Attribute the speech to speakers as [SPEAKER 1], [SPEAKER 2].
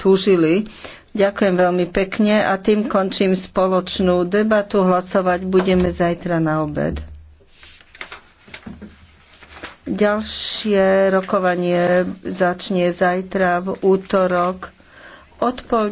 [SPEAKER 1] túžili. Ďakujem veľmi pekne a tým končím spoločnú debatu. Hlasovať budeme zajtra na obed. Ďalšie rokovanie začne zajtra v útorok
[SPEAKER 2] od pol